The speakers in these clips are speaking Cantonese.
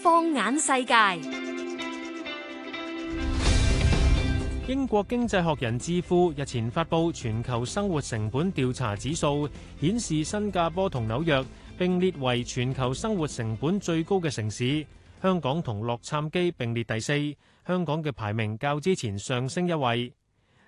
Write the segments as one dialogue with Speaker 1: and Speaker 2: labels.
Speaker 1: 放眼世界，英國經濟學人智庫日前發布全球生活成本調查指數，顯示新加坡同紐約並列為全球生活成本最高嘅城市，香港同洛杉磯並列第四，香港嘅排名較之前上升一位。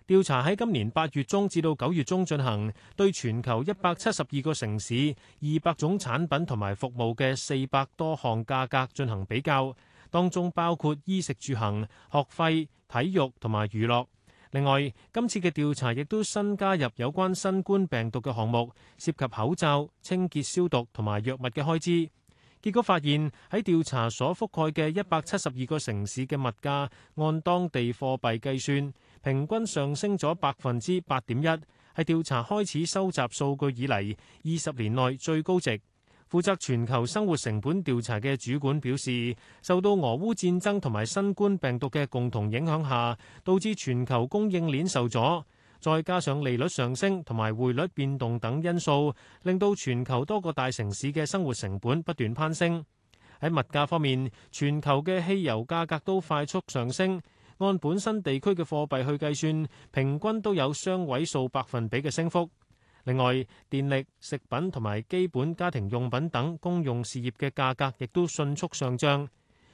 Speaker 1: 調查喺今年八月中至到九月中進行，對全球一百七十二個城市、二百種產品同埋服務嘅四百多項價格進行比較，當中包括衣食住行、學費、體育同埋娛樂。另外，今次嘅調查亦都新加入有關新冠病毒嘅項目，涉及口罩、清潔消毒同埋藥物嘅開支。結果發現，喺調查所覆蓋嘅一百七十二個城市嘅物價，按當地貨幣計算，平均上升咗百分之八點一，係調查開始收集數據以嚟二十年內最高值。負責全球生活成本調查嘅主管表示，受到俄烏戰爭同埋新冠病毒嘅共同影響下，導致全球供應鏈受阻。再加上利率上升同埋匯率變動等因素，令到全球多個大城市嘅生活成本不斷攀升。喺物價方面，全球嘅汽油價格都快速上升，按本身地區嘅貨幣去計算，平均都有雙位數百分比嘅升幅。另外，電力、食品同埋基本家庭用品等公用事業嘅價格亦都迅速上漲，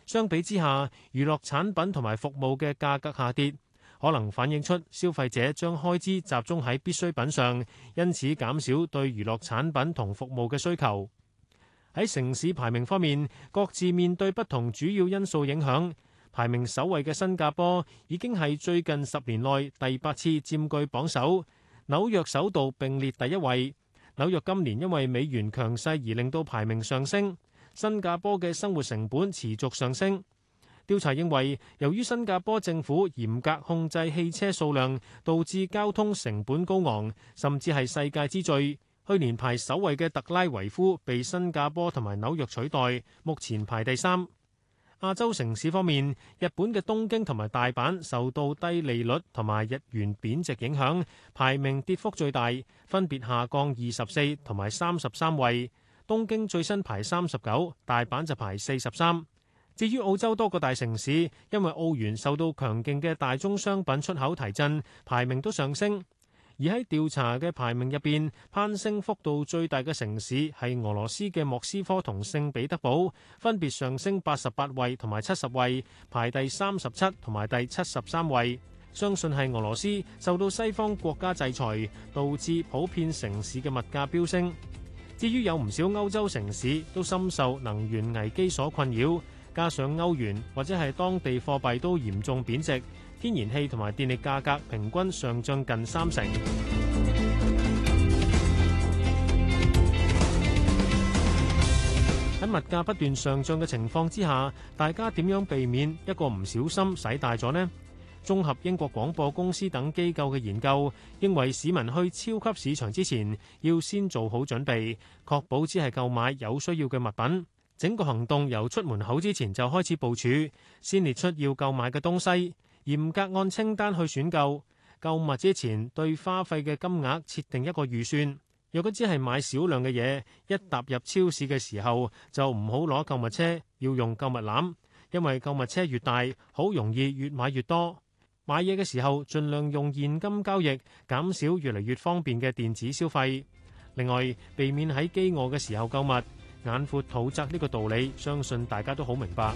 Speaker 1: 相比之下，娛樂產品同埋服務嘅價格下跌。可能反映出消費者將開支集中喺必需品上，因此減少對娛樂產品同服務嘅需求。喺城市排名方面，各自面對不同主要因素影響，排名首位嘅新加坡已經係最近十年內第八次佔據榜首，紐約首度並列第一位。紐約今年因為美元強勢而令到排名上升，新加坡嘅生活成本持續上升。調查認為，由於新加坡政府嚴格控制汽車數量，導致交通成本高昂，甚至係世界之最。去年排首位嘅特拉維夫被新加坡同埋紐約取代，目前排第三。亞洲城市方面，日本嘅東京同埋大阪受到低利率同埋日元貶值影響，排名跌幅最大，分別下降二十四同埋三十三位。東京最新排三十九，大阪就排四十三。至於澳洲多個大城市，因為澳元受到強勁嘅大宗商品出口提振，排名都上升。而喺調查嘅排名入邊，攀升幅度最大嘅城市係俄羅斯嘅莫斯科同聖彼得堡，分別上升八十八位同埋七十位，排第三十七位同埋第七十三位。相信係俄羅斯受到西方國家制裁，導致普遍城市嘅物價飆升。至於有唔少歐洲城市都深受能源危機所困擾。加上歐元或者係當地貨幣都嚴重貶值，天然氣同埋電力價格平均上漲近三成。喺 物價不斷上漲嘅情況之下，大家點樣避免一個唔小心使大咗呢？綜合英國廣播公司等機構嘅研究，認為市民去超級市場之前要先做好準備，確保只係購買有需要嘅物品。整個行動由出門口之前就開始部署，先列出要購買嘅東西，嚴格按清單去選購。購物之前對花費嘅金額設定一個預算。若果只係買少量嘅嘢，一踏入超市嘅時候，就唔好攞購物車，要用購物籃，因為購物車越大，好容易越買越多。買嘢嘅時候盡量用現金交易，減少越嚟越方便嘅電子消費。另外，避免喺飢餓嘅時候購物。眼闊肚窄呢個道理，相信大家都好明白。